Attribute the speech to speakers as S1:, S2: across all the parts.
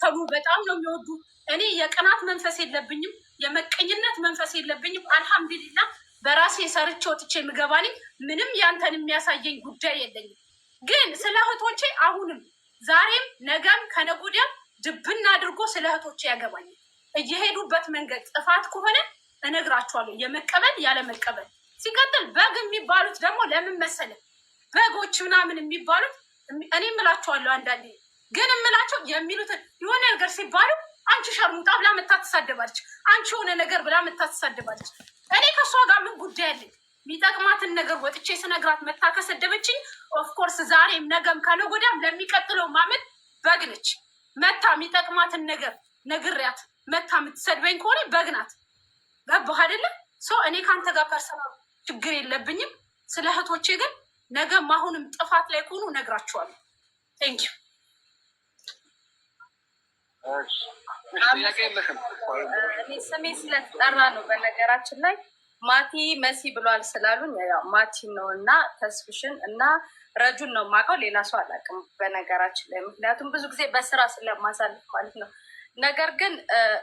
S1: የሚከተሉ በጣም ነው የሚወዱ። እኔ የቅናት መንፈስ የለብኝም፣ የመቀኝነት መንፈስ የለብኝም። አልሐምዱሊላ በራሴ ሰርቼ ወጥቼ ምገባኔ ምንም ያንተን የሚያሳየኝ ጉዳይ የለኝም። ግን ስለ እህቶቼ አሁንም ዛሬም ነገም ከነገ ወዲያም አድርጎ ስለ እህቶቼ ያገባኝ እየሄዱበት መንገድ ጥፋት ከሆነ እነግራቸዋለሁ፣ የመቀበል ያለመቀበል። ሲቀጥል በግ የሚባሉት ደግሞ ለምን መሰለ በጎች ምናምን የሚባሉት እኔ እምላቸዋለሁ አንዳንዴ ግን እምላቸው የሚሉትን የሆነ ነገር ሲባሉ አንቺ ሸርሙጣ ብላ መታ ትሳደባለች። አንቺ የሆነ ነገር ብላ መታ ትሳደባለች። እኔ ከእሷ ጋር ምን ጉዳይ አለኝ? የሚጠቅማትን ነገር ወጥቼ ስነግራት መታ ከሰደበችኝ፣ ኦፍኮርስ ዛሬም ነገም ካለ ወዲያም ለሚቀጥለው ማመት በግነች መታ የሚጠቅማትን ነገር ነግሪያት መታ የምትሰድበኝ ከሆነ በግናት። ገባህ አይደለም? ሰው እኔ ከአንተ ጋር ፐርሰናል ችግር የለብኝም። ስለ እህቶቼ ግን ነገም አሁንም ጥፋት ላይ ከሆኑ ነግራቸዋለሁ። ቴንኪው ስሜ ስለተጠራ ነው። በነገራችን ላይ ማቲ መሲ ብሏል ስላሉኝ ያው ማቲ ነው እና ተስፍሽን እና ረጁን ነው የማውቀው፣ ሌላ ሰው አላውቅም በነገራችን ላይ ምክንያቱም ብዙ ጊዜ በስራ ስለማሳልፍ ማለት ነው። ነገር ግን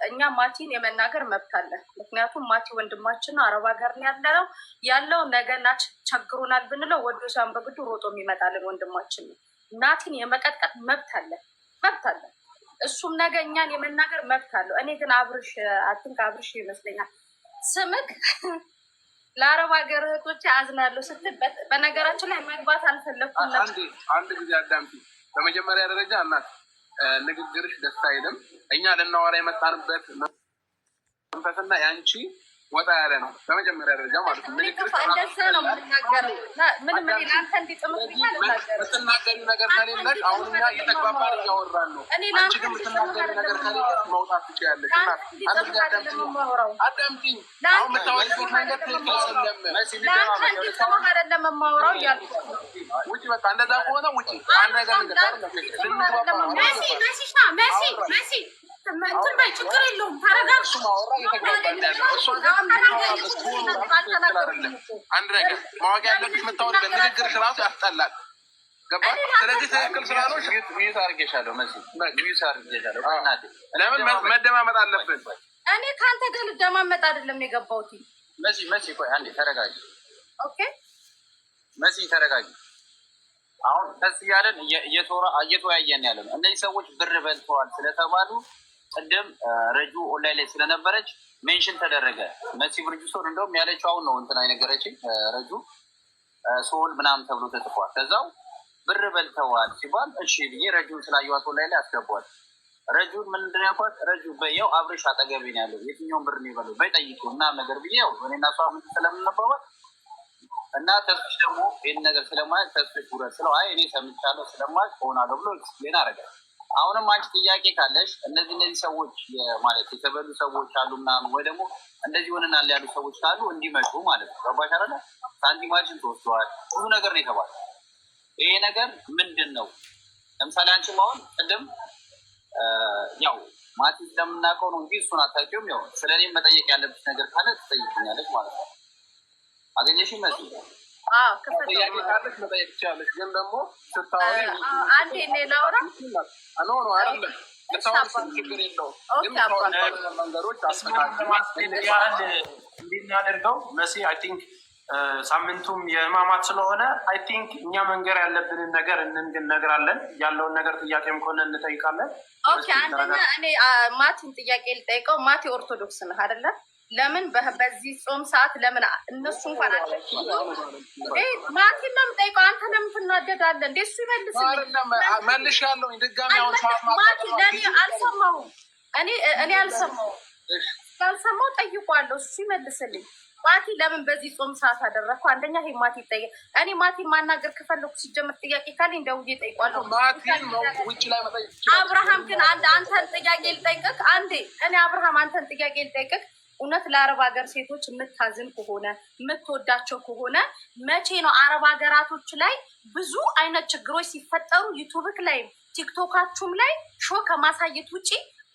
S1: እኛ ማቲን የመናገር መብት አለን። ምክንያቱም ማቲ ወንድማችን ነው፣ አረብ ሀገር ነው ያለነው ያለው ነገና ቸግሮናል ብንለው ወዶ ሳይሆን በግዱ ሮጦ የሚመጣልን ወንድማችን ነው። ናቲን የመቀጥቀጥ መብት አለን መብት አለን እሱም ነገ እኛን የመናገር መብት አለው። እኔ ግን አብርሽ አትንክ አብርሽ ይመስለኛል ስምክ ለአረብ ሀገር እህቶቼ አዝናለሁ ስትል፣ በነገራችን ላይ መግባት አልፈለኩም።
S2: አንድ ጊዜ አዳምጪ። በመጀመሪያ ደረጃ እናት ንግግርሽ ደስ አይልም። እኛ ልናወራ የመጣንበት መንፈስና የአንቺ ወጣ ያለ ነው። በመጀመሪያ ደረጃ
S1: ማለት ነው። የምትናገሪው
S2: ነገር ከሌለሽ መውጣት ትችያለሽ። በቃ እንደዛ ከሆነ ውጪ። ችግር የለውም። ተረጋግሽ። አንድ ነገር ማወቅ ያለብሽ የምታወሪው ንግግርሽ ራሱ ያስጠላል።
S1: እኔ ከአንተ ጋር ልደማመጥ አይደለም የገባሁት።
S2: መሲ መሲ፣ ቆይ አንዴ ተረጋጊ። ኦኬ መሲ ተረጋጊ። አሁን ቀስ እያለን እየተወያየን ያለ ነው። እነዚህ ሰዎች ብር በልተዋል ስለተባሉ ቅድም ረጁ ኦንላይን ላይ ስለነበረች ሜንሽን ተደረገ። መሲ ሰሆን እንደውም ያለችው አሁን ነው እንትን አይነገረችኝ ረጁ ሶል ምናምን ተብሎ ተጽፏል። ከዛው ብር በልተዋል ሲባል እሺ ብዬ ረጁን ስላየዋት ኦንላይን ላይ አስገቧል። ረጁን ምንድን ያኳት ረጁ በየው አብርሽ አጠገቤ ነው ያለው የትኛውን ብር ነው ይበለው በጠይቁ እና ነገር ብዬ ያው እኔ እና እሷ ምን ስለምንባባል እና ተስፍሽ ደግሞ ይህን ነገር ስለማያት ተስፍሽ ውረት ስለው አይ እኔ ሰምቻለሁ ስለማያት ሆናለሁ ብሎ ሌና አረጋል አሁንም አንቺ ጥያቄ ካለሽ እነዚህ እነዚህ ሰዎች ማለት የተበሉ ሰዎች አሉ ምናምን ወይ ደግሞ እንደዚህ ሆነናል ያሉ ሰዎች ካሉ እንዲመጡ ማለት ነው። ገባሽ አይደለ? ሳንቲማችን ተወስደዋል ብዙ ነገር ነው የተባለ። ይሄ ነገር ምንድን ነው? ለምሳሌ አንቺ አሁን ቅድም ያው ማቲ ስለምናውቀው ነው እንጂ እሱን አታውቂውም። ያው ስለ እኔም መጠየቅ ያለብሽ ነገር ካለ ትጠይቅኛለች ማለት ነው። አገኘሽ ይመስል እንድናደርገው መሲ አይ ቲንክ ሳምንቱም የህማማት ስለሆነ አይ ቲንክ እኛ መንገር ያለብንን ነገር እንነግራለን። ያለውን ነገር ጥያቄም ከሆነ እንጠይቃለን።
S1: ኦኬ እኔ ማቲን ጥያቄ ልጠይቀው። ማቲ ኦርቶዶክስ ነህ አይደለም? ለምን በዚህ ጾም ሰዓት ለምን እነሱ እንኳን ማቲ ነው የምጠይቀው። አንተ ለምን ትናደዳለህ እንዴ? እሱ
S2: ይመልስልመልሻለሁ።
S1: ለእኔ አልሰማሁም። እኔ እኔ አልሰማሁም። ካልሰማው ጠይቋለሁ። እሱ ይመልስልኝ። ማቲ ለምን በዚህ ጾም ሰዓት አደረግኩ? አንደኛ ይሄ ማቲ ይጠየቅ። እኔ ማቲ ማናገር ከፈለኩ ሲጀምር ጥያቄ ካለኝ ደውዬ እጠይቋለሁ። አብርሃም ግን አንተን ጥያቄ ልጠይቅህ። አንዴ እኔ አብርሃም አንተን ጥያቄ ልጠይቅህ እውነት ለአረብ ሀገር ሴቶች የምታዝን ከሆነ የምትወዳቸው ከሆነ መቼ ነው አረብ ሀገራቶች ላይ ብዙ አይነት ችግሮች ሲፈጠሩ ዩቱብክ ላይ ቲክቶካችሁም ላይ ሾ ከማሳየት ውጪ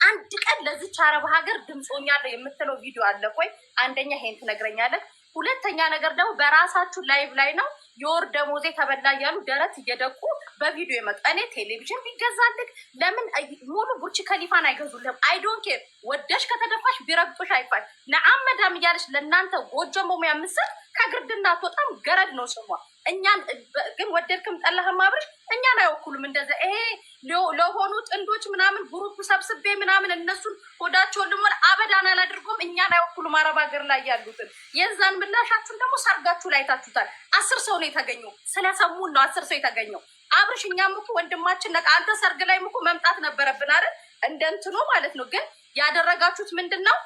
S1: አንድ ቀን ለዚች አረብ ሀገር ድምፆኛለሁ የምትለው ቪዲዮ አለ? ቆይ አንደኛ ይሄን ትነግረኛለህ። ሁለተኛ ነገር ደግሞ በራሳችሁ ላይቭ ላይ ነው የወር ደሞዜ ተበላ እያሉ ደረት እየደቁ በቪዲዮ የመጡ እኔ ቴሌቪዥን ቢገዛልግ ለምን ሙሉ ቡርች ከሊፋን አይገዙልም? አይዶን ኬር ወደሽ ከተደፋሽ ቢረግጦሽ አይፋል ነአመዳም እያለች ለእናንተ ጎጆ ሞሙ ያምስል ከግርድና አትወጣም። ገረድ ነው ስሟ። እኛን ግን ወደድክም ጠላህም አብርሽ እኛን አይወኩሉም። እንደዚ ይሄ ለሆኑ ጥንዶች ምናምን ግሩፕ ሰብስቤ ምናምን እነሱን ሆዳቸውን ልሞል አበዳን አላድርጎም። እኛን አይወኩሉም። አረብ ሀገር ላይ ያሉትን የዛን ምላሻችሁን ደግሞ ሰርጋችሁ ላይ ታችሁታል። አስር ሰው ነው የተገኘው። ስለሰሙን ነው አስር ሰው የተገኘው። አብርሽ እኛም እኮ ወንድማችን ነቃ። አንተ ሰርግ ላይ እኮ መምጣት ነበረብን አይደል? እንደ እንትኑ ማለት ነው። ግን ያደረጋችሁት ምንድን ነው?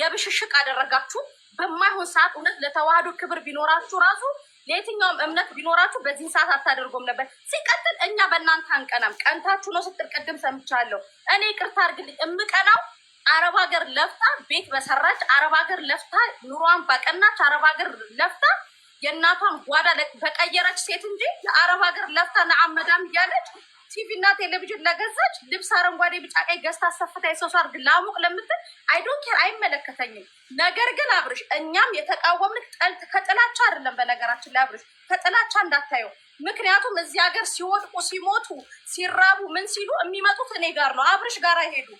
S1: የብሽሽቅ አደረጋችሁ። በማይሆን ሰዓት እውነት ለተዋህዶ ክብር ቢኖራችሁ ራሱ ለየትኛውም እምነት ቢኖራችሁ በዚህን ሰዓት አታደርጎም ነበር። ሲቀጥል እኛ በእናንተ አንቀናም። ቀንታችሁ ነው ስትል ቅድም ሰምቻለሁ። እኔ ቅርታ አድርግልኝ፣ እምቀናው አረብ ሀገር ለፍታ ቤት በሰራች አረብ ሀገር ለፍታ ኑሯን በቀናች አረብ ሀገር ለፍታ የእናቷን ጓዳ በቀየረች ሴት እንጂ የአረብ ሀገር ለፍታ ነአመዳም እያለች ቲቪ እና ቴሌቪዥን ለገዛች ልብስ አረንጓዴ፣ ቢጫ፣ ቀይ ገዝታ አሰፍታ የሰው ሳር ላሙቅ ለምትል አይዶን ኬር አይመለከተኝም። ነገር ግን አብርሽ እኛም የተቃወምን ጠልት ከጥላቻ አይደለም። በነገራችን ላይ አብርሽ ከጥላቻ እንዳታየው ምክንያቱም እዚህ ሀገር ሲወድቁ ሲሞቱ ሲራቡ ምን ሲሉ የሚመጡት እኔ ጋር ነው። አብርሽ ጋር አይሄዱ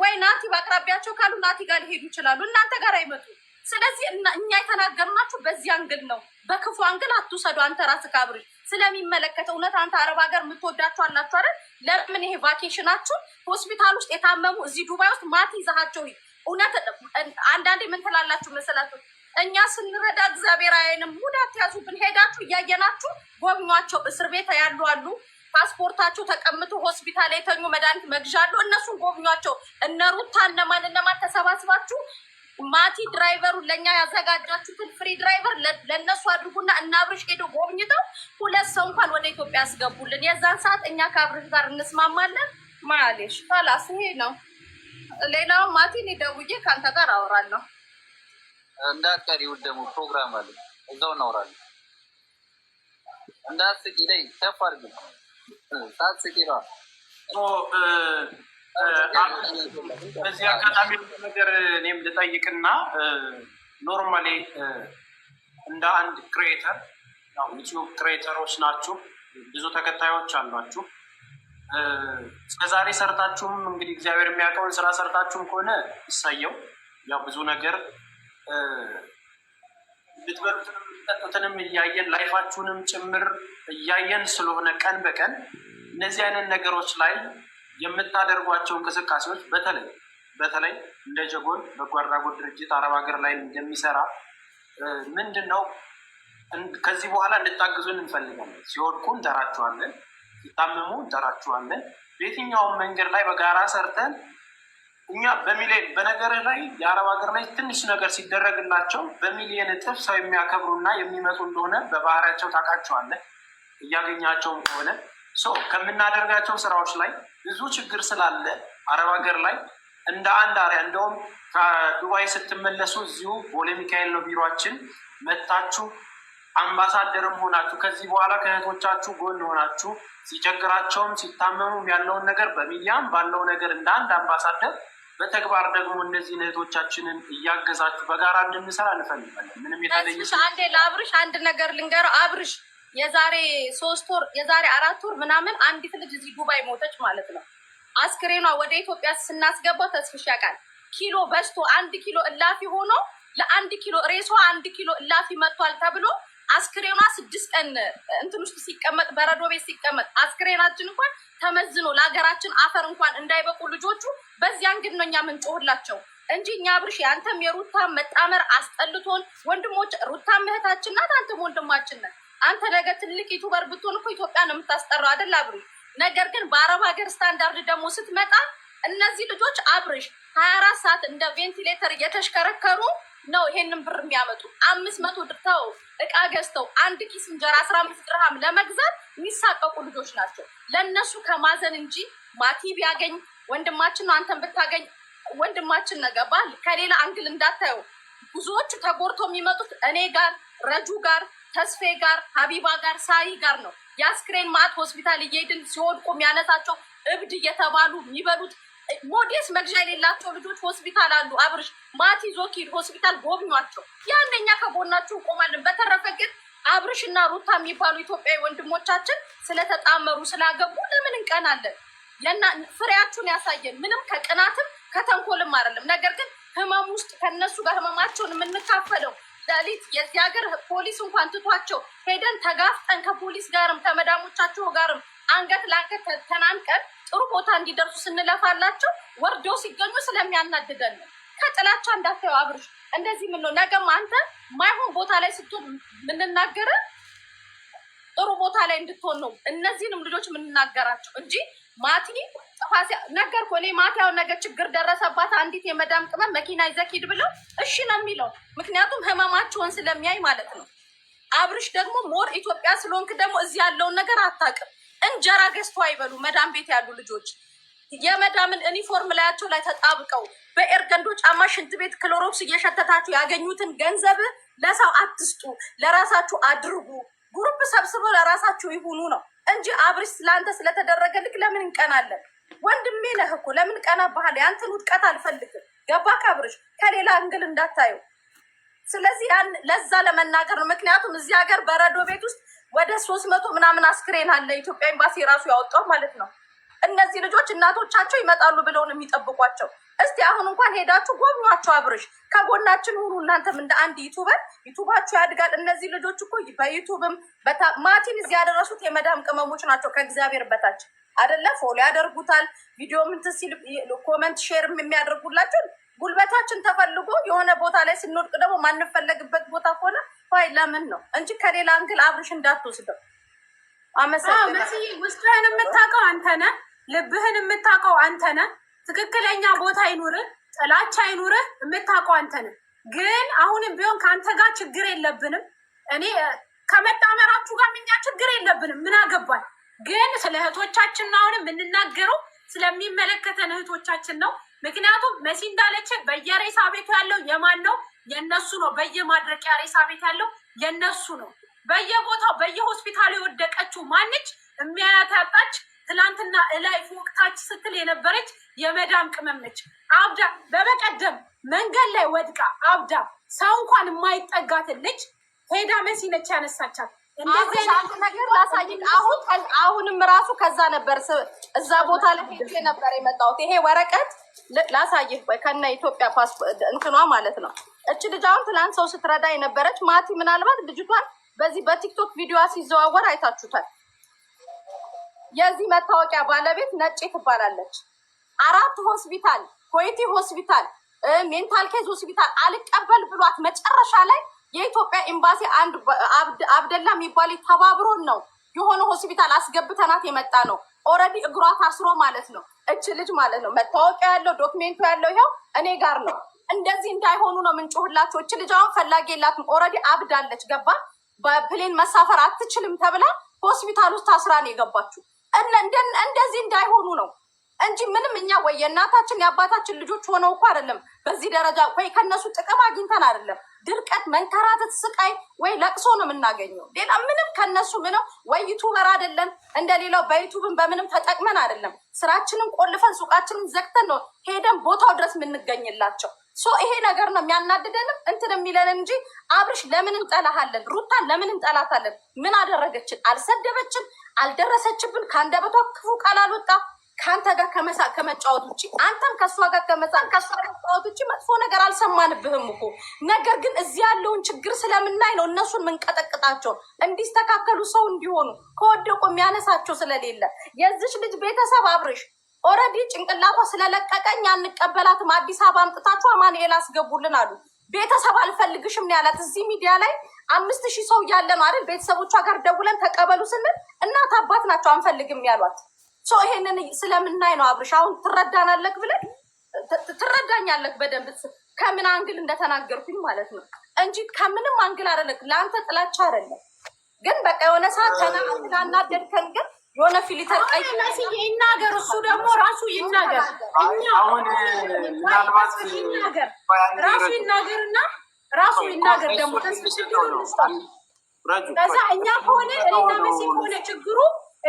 S1: ወይ ናቲ በአቅራቢያቸው ካሉ ናቲ ጋር ሊሄዱ ይችላሉ። እናንተ ጋር አይመጡ። ስለዚህ እኛ የተናገርናችሁ በዚህ አንግል ነው። በክፉ አንግል አትውሰዱ። አንተ ራስህ ከአብርሽ ስለሚመለከተ እውነት አንተ አረብ ሀገር የምትወዳቸው አላችሁ አይደል? ለምን ይሄ ቫኬሽናችሁን ሆስፒታል ውስጥ የታመሙ እዚህ ዱባይ ውስጥ ማት ይዛሃቸው። እውነት አንዳንዴ ምን ትላላችሁ መሰላችሁ? እኛ ስንረዳ እግዚአብሔር አይንም ሙዳት ያዙብን። ሄዳችሁ እያየናችሁ ጎብኟቸው። እስር ቤት ያሉ አሉ ፓስፖርታቸው ተቀምቶ ሆስፒታል የተኙ መድኃኒት መግዣ አሉ። እነሱን ጎብኟቸው። እነ ሩታ እነማን እነማን ተሰባስባችሁ ማቲ ድራይቨሩ ለእኛ ያዘጋጃችሁትን ፍሪ ድራይቨር ለእነሱ አድርጉና እና አብርሽ ሄዶ ጎብኝተው ሁለት ሰው እንኳን ወደ ኢትዮጵያ ያስገቡልን። የዛን ሰዓት እኛ ከአብርሽ ጋር እንስማማለን። ማሌሽ ፋላስ ይሄ ነው። ሌላው ማቲ እኔ ደውዬ ከአንተ ጋር አወራለሁ። እንዳትቀሪ ውድ ደግሞ ፕሮግራም አለ እዛው እናወራለን። እንዳትስቂ ላይ ተፋርግ አድርጊ ሳትስቂ ነዋ በዚህ አጋጣሚ ነገር እኔም ልጠይቅና ኖርማሊ እንደ አንድ ክሬተር ዩቲዩብ ክሬተሮች ናችሁ፣ ብዙ ተከታዮች አሏችሁ። እስከዛሬ ሰርታችሁም እንግዲህ እግዚአብሔር የሚያውቀውን ስራ ሰርታችሁም ከሆነ ይሳየው። ያው ብዙ ነገር ልትበሉትንም እያየን ላይፋችሁንም ጭምር እያየን ስለሆነ ቀን በቀን እነዚህ አይነት ነገሮች ላይ የምታደርጓቸው እንቅስቃሴዎች በተለይ በተለይ እንደ ጀጎል በጎ አድራጎት ድርጅት አረብ ሀገር ላይ እንደሚሰራ ምንድን ነው ከዚህ በኋላ እንድታግዙን እንፈልጋለን። ሲወድቁ እንጠራችኋለን፣ ሲታመሙ እንጠራችኋለን። በየትኛውም መንገድ ላይ በጋራ ሰርተን እኛ በሚሊዮን በነገር ላይ የአረብ ሀገር ላይ ትንሽ ነገር ሲደረግላቸው በሚሊዮን እጥፍ ሰው የሚያከብሩና የሚመጡ እንደሆነ በባህሪያቸው ታውቃቸዋለህ። እያገኛቸውም ከሆነ ከምናደርጋቸው ስራዎች ላይ ብዙ ችግር ስላለ አረብ ሀገር ላይ እንደ አንድ አሪያ እንደውም ከዱባይ ስትመለሱ እዚሁ ቦሌ ሚካኤል ነው ቢሮችን መታችሁ አምባሳደርም ሆናችሁ ከዚህ በኋላ ከእህቶቻችሁ ጎን ሆናችሁ ሲቸግራቸውም ሲታመሙም ያለውን ነገር በሚዲያም ባለው ነገር እንደ አንድ አምባሳደር በተግባር ደግሞ እነዚህ እህቶቻችንን እያገዛችሁ በጋራ እንድንሰራ እንፈልጋለን። ምንም የተለየ አንዴ ለአብርሽ አንድ ነገር ልንገረው አብርሽ የዛሬ ሶስት ወር የዛሬ አራት ወር ምናምን አንዲት ልጅ እዚህ ዱባይ ሞተች ማለት ነው። አስክሬኗ ወደ ኢትዮጵያ ስናስገባው ተስፍሽ ያውቃል ኪሎ በዝቶ አንድ ኪሎ እላፊ ሆኖ ለአንድ ኪሎ ሬሶ አንድ ኪሎ እላፊ መጥቷል ተብሎ አስክሬኗ ስድስት ቀን እንትን ውስጥ ሲቀመጥ በረዶ ቤት ሲቀመጥ አስክሬናችን እንኳን ተመዝኖ ለሀገራችን አፈር እንኳን እንዳይበቁ ልጆቹ በዚያን ግን ነው እኛ ምንጮህላቸው እንጂ እኛ ብርሽ አንተም የሩታ መጣመር አስጠልቶን ወንድሞች ሩታም እህታችን ናት፣ አንተም ወንድማችን ነን። አንተ ነገ ትልቅ ዩቱበር ብትሆን እኮ ኢትዮጵያ ነው የምታስጠራው አይደል አብሪ። ነገር ግን በአረብ ሀገር ስታንዳርድ ደግሞ ስትመጣ እነዚህ ልጆች አብርሽ ሀያ አራት ሰዓት እንደ ቬንቲሌተር እየተሽከረከሩ ነው ይሄንን ብር የሚያመጡ አምስት መቶ ድርተው እቃ ገዝተው አንድ ኪስ እንጀራ አስራ አምስት ድርሃም ለመግዛት የሚሳቀቁ ልጆች ናቸው። ለእነሱ ከማዘን እንጂ ማቲ ቢያገኝ ወንድማችን ነው አንተን ብታገኝ ወንድማችን ነገባል። ከሌላ አንግል እንዳታየው ብዙዎቹ ተጎድተው የሚመጡት እኔ ጋር ረጁ ጋር ተስፌ ጋር፣ ሀቢባ ጋር፣ ሳይ ጋር ነው የአስክሬን ማት ሆስፒታል እየሄድን ሲወድቁ የሚያነሳቸው እብድ እየተባሉ የሚበሉት ሞዴስ መግዣ የሌላቸው ልጆች ሆስፒታል አሉ። አብርሽ ይዞ ኪድ ሆስፒታል ጎብኟቸው። ያንደኛ ከጎናችሁ እንቆማለን። በተረፈ ግን አብርሽ እና ሩታ የሚባሉ ኢትዮጵያዊ ወንድሞቻችን ስለተጣመሩ ስላገቡ ለምን እንቀናለን? ለና ፍሬያችሁን ያሳየን። ምንም ከቅናትም ከተንኮልም አይደለም። ነገር ግን ህመም ውስጥ ከነሱ ጋር ህመማቸውን የምንካፈለው ዳሊት የዚህ ሀገር ፖሊስ እንኳን ትቷቸው ሄደን ተጋፍጠን ከፖሊስ ጋርም ከመዳሞቻቸው ጋርም አንገት ለአንገት ተናንቀን ጥሩ ቦታ እንዲደርሱ ስንለፋላቸው ወርዶ ሲገኙ ስለሚያናድደን ነው። ከጥላቻ እንዳታየው አብርሽ፣ እንደዚህ ምን ነው ነገም አንተ ማይሆን ቦታ ላይ ስትሆን የምንናገር ጥሩ ቦታ ላይ እንድትሆን ነው እነዚህንም ልጆች የምንናገራቸው እንጂ ማቲ ነገር ኮ ማትያው ነገር ችግር ደረሰባት አንዲት የመዳም ቅመም መኪና ይዘህ ሂድ ብለው እሺ ነው የሚለው። ምክንያቱም ህመማቸውን ስለሚያይ ማለት ነው። አብርሽ ደግሞ ሞር ኢትዮጵያ ስለሆንክ ደግሞ እዚህ ያለውን ነገር አታውቅም። እንጀራ ገዝቶ አይበሉ መዳም ቤት ያሉ ልጆች የመዳምን ዩኒፎርም ላያቸው ላይ ተጣብቀው በኤርገንዶ ጫማ ሽንት ቤት ክሎሮክስ እየሸተታችሁ ያገኙትን ገንዘብ ለሰው አትስጡ፣ ለራሳችሁ አድርጉ። ጉሩፕ ሰብስበው ለራሳችሁ ይሁኑ ነው እንጂ አብርሽ ስለአንተ ስለተደረገልክ ለምን እንቀናለን? ወንድሜ ነህ እኮ ለምን ቀና ባህል ያንተን ውድቀት አልፈልግም። ገባ ካብርሽ ከሌላ እንግል እንዳታዩ። ስለዚህ ያን ለዛ ለመናገር ነው። ምክንያቱም እዚህ ሀገር በረዶ ቤት ውስጥ ወደ ሶስት መቶ ምናምን አስክሬን አለ ኢትዮጵያ ኤምባሲ ራሱ ያወጣው ማለት ነው። እነዚህ ልጆች እናቶቻቸው ይመጣሉ ብለው ነው የሚጠብቋቸው። እስቲ አሁን እንኳን ሄዳችሁ ጎብኟቸው። አብርሽ ከጎናችን ሁኑ። እናንተም እንደ አንድ ዩቱበር ዩቱባችሁ ያድጋል። እነዚህ ልጆች እኮ በዩቱብም ማቲን እዚህ ያደረሱት የመዳም ቅመሞች ናቸው ከእግዚአብሔር በታች አደለ? ፎሎ ያደርጉታል። ቪዲዮ ምንት ሲል ኮመንት ሼር የሚያደርጉላቸው ጉልበታችን ተፈልጎ የሆነ ቦታ ላይ ስንወድቅ ደግሞ ማንፈለግበት ቦታ ከሆነ ይ ለምን ነው እንጂ ከሌላ እንግል አብርሽ እንዳትወስደው። አመሰግናለሁ። ውስጥህን የምታውቀው አንተነ፣ ልብህን የምታውቀው አንተነ። ትክክለኛ ቦታ አይኑርህ፣ ጥላቻ አይኑርህ፣ የምታውቀው አንተነ። ግን አሁንም ቢሆን ከአንተ ጋር ችግር የለብንም። እኔ ከመጣመራችሁ ጋር ምኛ ችግር የለብንም። ምን አገባል ግን ስለ እህቶቻችን ነው አሁን የምንናገረው፣ ስለሚመለከተን እህቶቻችን ነው። ምክንያቱም መሲ እንዳለች በየሬሳ ቤቱ ያለው የማን ነው? የእነሱ ነው። በየማድረቂያ ሬሳ ቤት ያለው የእነሱ ነው። በየቦታው በየሆስፒታሉ የወደቀችው ማንች የሚያያት ያጣች ትላንትና እላይ ፎቅታች ስትል የነበረች የመዳም ቅመም ነች። አብዳ በበቀደም መንገድ ላይ ወድቃ አብዳ ሰው እንኳን የማይጠጋትን ልጅ ሄዳ መሲ ነች ያነሳቻት። ነገር ላሳይህ። አሁን አሁንም ራሱ ከዛ ነበር እዛ ቦታ ላይ ሄጄ ነበር የመጣሁት። ይሄ ወረቀት ላሳይህ ወይ ከነ ኢትዮጵያ ፓስፖርት እንትኗ ማለት ነው። እች ልጅ አሁን ትናንት ሰው ስትረዳ የነበረች ማቲ፣ ምናልባት ልጅቷን በዚህ በቲክቶክ ቪዲዮ ሲዘዋወር አይታችሁታል። የዚህ መታወቂያ ባለቤት ነጭ ትባላለች። አራት ሆስፒታል፣ ኮይቲ ሆስፒታል፣ ሜንታል ኬዝ ሆስፒታል አልቀበል ብሏት መጨረሻ ላይ የኢትዮጵያ ኤምባሲ አንድ አብደላ የሚባል ተባብሮን ነው የሆነ ሆስፒታል አስገብተናት የመጣ ነው። ኦልሬዲ እግሯ ታስሮ ማለት ነው እች ልጅ ማለት ነው። መታወቂያ ያለው ዶክሜንቱ ያለው ይኸው እኔ ጋር ነው። እንደዚህ እንዳይሆኑ ነው ምንጮህላቸው። እች ልጅ አሁን ፈላጊ የላትም። ኦልሬዲ አብዳለች። ገባ በፕሌን መሳፈር አትችልም ተብላ ሆስፒታል ውስጥ ታስራ ነው የገባችው። እንደዚህ እንዳይሆኑ ነው እንጂ ምንም እኛ ወይ የእናታችን የአባታችን ልጆች ሆነው እኮ አይደለም በዚህ ደረጃ ወይ ከነሱ ጥቅም አግኝተን አይደለም ድርቀት፣ መንከራተት፣ ስቃይ ወይ ለቅሶ ነው የምናገኘው። ሌላ ምንም ከነሱ ምነው ወይ ዩቱበር አይደለም እንደ ሌላው በዩቱብን በምንም ተጠቅመን አይደለም። ስራችንን ቆልፈን ሱቃችንን ዘግተን ነው ሄደን ቦታው ድረስ የምንገኝላቸው። ሶ ይሄ ነገር ነው የሚያናድደንም እንትን የሚለን እንጂ አብርሽ ለምን እንጠላሃለን? ሩታን ለምን እንጠላታለን? ምን አደረገችን? አልሰደበችን፣ አልደረሰችብን፣ ከአንደበቷ ክፉ ቃል አልወጣ ከአንተ ጋር ከመሳ ከመጫወት ውጭ አንተም ከእሷ ጋር ከመሳ ከእሷ ጋር መጫወት ውጭ መጥፎ ነገር አልሰማንብህም እኮ። ነገር ግን እዚህ ያለውን ችግር ስለምናይ ነው እነሱን ምንቀጠቅጣቸው እንዲስተካከሉ ሰው እንዲሆኑ ከወደቁ የሚያነሳቸው ስለሌለ የዚች ልጅ ቤተሰብ አብርሽ ኦረዲ ጭንቅላቷ ስለለቀቀኝ አንቀበላትም፣ አዲስ አበባ አምጥታችሁ አማኑኤል አስገቡልን አሉ። ቤተሰብ አልፈልግሽም ነው ያላት። እዚህ ሚዲያ ላይ አምስት ሺህ ሰው እያለ ነው አይደል? ቤተሰቦቿ ጋር ደውለን ተቀበሉ ስንል እናት አባት ናቸው አንፈልግም ያሏት ሰው ይሄንን ስለምናይ ነው አብርሽ፣ አሁን ትረዳናለክ ብለን ትረዳኛለክ በደንብ ከምን አንግል እንደተናገርኩኝ ማለት ነው እንጂ ከምንም አንግል አይደለም። ለአንተ ጥላቻ አይደለም። ግን በቃ የሆነ ሰዓት ተናአትና እናደድከን ግን የሆነ ፊሊተር ቀይ ይናገር፣ እሱ ደግሞ ራሱ ይናገር፣ ይናገር፣ ራሱ ይናገር እና ራሱ ይናገር ደግሞ ተስብሽግሩ ከዛ እኛ ከሆነ እኔና መሲ ከሆነ ችግሩ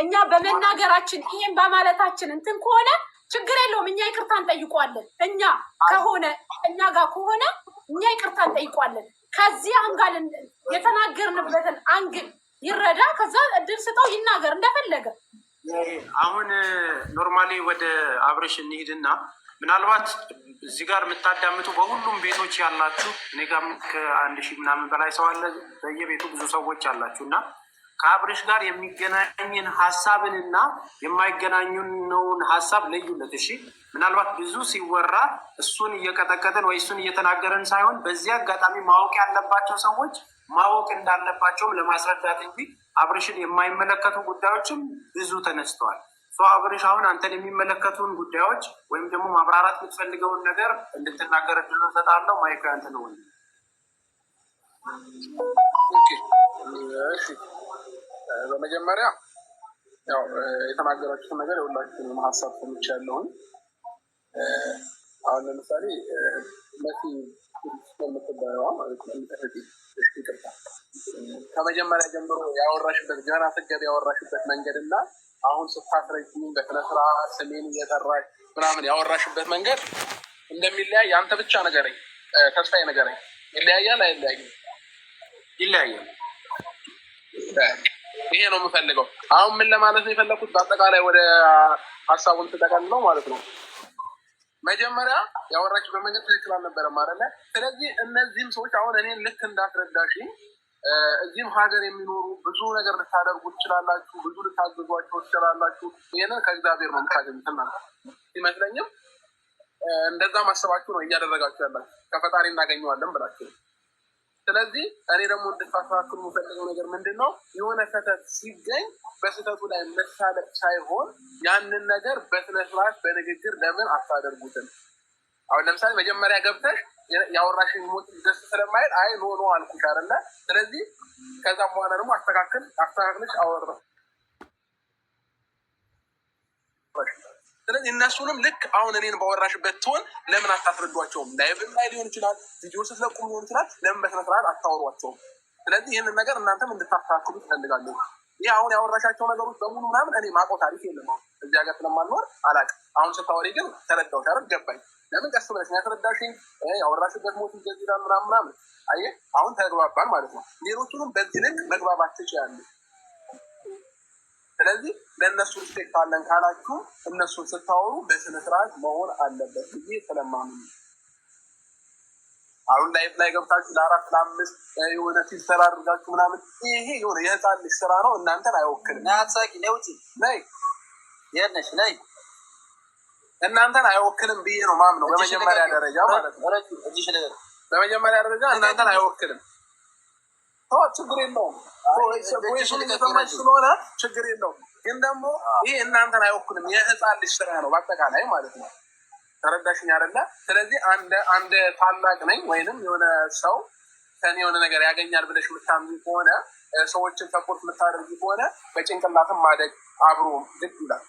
S1: እኛ በመናገራችን ይህን በማለታችን እንትን ከሆነ ችግር የለውም። እኛ ይቅርታ እንጠይቋለን። እኛ ከሆነ እኛ ጋር ከሆነ እኛ ይቅርታ እንጠይቋለን። ከዚህ አንጋል የተናገርንበትን አንግል ይረዳ። ከዛ እድል ስጠው ይናገር እንደፈለገ። አሁን ኖርማሊ ወደ አብረሽ እንሂድና ምናልባት እዚህ ጋር የምታዳምጡ በሁሉም ቤቶች ያላችሁ እኔ ጋርም ከአንድ ሺህ ምናምን በላይ ሰው አለ። በየቤቱ ብዙ ሰዎች አላችሁ እና ከአብርሽ ጋር የሚገናኝን ሀሳብንና የማይገናኙነውን ሀሳብ ለዩለት። እሺ ምናልባት ብዙ ሲወራ እሱን እየቀጠቀጥን ወይ እሱን እየተናገረን ሳይሆን በዚህ አጋጣሚ ማወቅ ያለባቸው ሰዎች ማወቅ እንዳለባቸውም ለማስረዳት እንጂ አብርሽን የማይመለከቱ ጉዳዮችም ብዙ ተነስተዋል። ሶ አብርሽ አሁን አንተን የሚመለከቱን ጉዳዮች ወይም ደግሞ ማብራራት የምትፈልገውን ነገር እንድትናገር እድል እንሰጣለሁ። ማይክ አንተ ነው። በመጀመሪያ ያው የተናገራችሁትን ነገር የሁላችሁንም ሀሳብ ሰምቻለሁኝ። አሁን ለምሳሌ መሲ የምትባለዋ ከመጀመሪያ ጀምሮ ያወራሽበት ገና ስገብ ያወራሽበት መንገድ እና አሁን ስታስረጅኝ በስነስርዓት ስሜን እየጠራሽ ምናምን ያወራሽበት መንገድ እንደሚለያይ አንተ ብቻ ንገረኝ፣ ተስፋዬ ንገረኝ። ይለያያል አይለያይም? ይለያያል። ይሄ ነው የምፈልገው። አሁን ምን ለማለት ነው የፈለግኩት፣ በአጠቃላይ ወደ ሀሳቡን ነው ማለት ነው። መጀመሪያ ያወራች በመንገድ ትክክል አልነበረም አለ። ስለዚህ እነዚህም ሰዎች አሁን እኔን ልክ እንዳስረዳሽ እዚህም ሀገር የሚኖሩ ብዙ ነገር ልታደርጉ ትችላላችሁ፣ ብዙ ልታዘዟቸው ትችላላችሁ። ይህንን ከእግዚአብሔር ነው የምታገኙት ይመስለኝም። እንደዛ ማሰባችሁ ነው እያደረጋችሁ ያላችሁ። ከፈጣሪ እናገኘዋለን ብላችሁ ስለዚህ እኔ ደግሞ እንድታስተካክሉ የምፈልገው ነገር ምንድን ነው፣ የሆነ ስህተት ሲገኝ በስህተቱ ላይ መሳለቅ ሳይሆን ያንን ነገር በስነስርዓት በንግግር ለምን አታደርጉትም? አሁን ለምሳሌ መጀመሪያ ገብተሽ የአወራሽን ሞት ደስ ስለማይል አይ ኖ ኖ አልኩሽ አለ። ስለዚህ ከዛም በኋላ ደግሞ አስተካክል አስተካክልሽ አወራ ስለዚህ እነሱንም ልክ አሁን እኔን በወራሽበት ትሆን ለምን አታስረዷቸውም? ላይቭም ላይ ሊሆን ይችላል፣ ቪዲዮ ስትለቁም ሊሆን ይችላል። ለምን በስነስርዓት አታወሯቸውም? ስለዚህ ይህንን ነገር እናንተም እንድታስተካክሉ ትፈልጋለሁ። ይህ አሁን ያወራሻቸው ነገሮች በሙሉ ምናምን እኔ ማቆ ታሪክ የለም። አሁን እዚህ ሀገር ስለማንኖር አላቅ። አሁን ስታወሪ ግን ተረዳሁሽ አይደል? ገባኝ። ለምን ቀስ ብለሽ ያስረዳሽኝ ያወራሽበት ሞት ይገዚዳል ምናምን ምናምን። አየህ አሁን ተግባባን ማለት ነው። ሌሎቹንም በዚህ ልክ መግባባት ትችያለሽ። ስለዚህ ለእነሱ ሪስፔክት አለን ካላችሁ እነሱን ስታወሩ በስነስርዓት መሆን አለበት ብዬ ስለማምን አሁን ላይፍ ላይ ገብታችሁ ለአራት ለአምስት የሆነ ፊልተር አድርጋችሁ ምናምን ይሄ የሆነ የህፃን ልጅ ስራ ነው፣ እናንተን አይወክልም። ናሳቂ ነውጭ ነይ የነሽ ነይ እናንተን አይወክልም ብዬ ነው ማምነው። በመጀመሪያ ደረጃ ማለት ነው። በመጀመሪያ ደረጃ እናንተን አይወክልም። ችግር የለውም። የተሰማች ስለሆነ ችግር የለውም። ግን ደግሞ ይህ እናንተን አይወክልም። የህፃን ልጅ ስራ ነው በአጠቃላይ ማለት ነው። ተረዳሽኝ አይደለ? ስለዚህ አንድ ታላቅ ነኝ ወይንም የሆነ ሰው ከኔ የሆነ ነገር ያገኛል ብለሽ የምታምኝ ከሆነ ሰዎችን ሰፖርት የምታደርጊ ከሆነ በጭንቅላትም ማደግ አብሮ ግድ ይላል።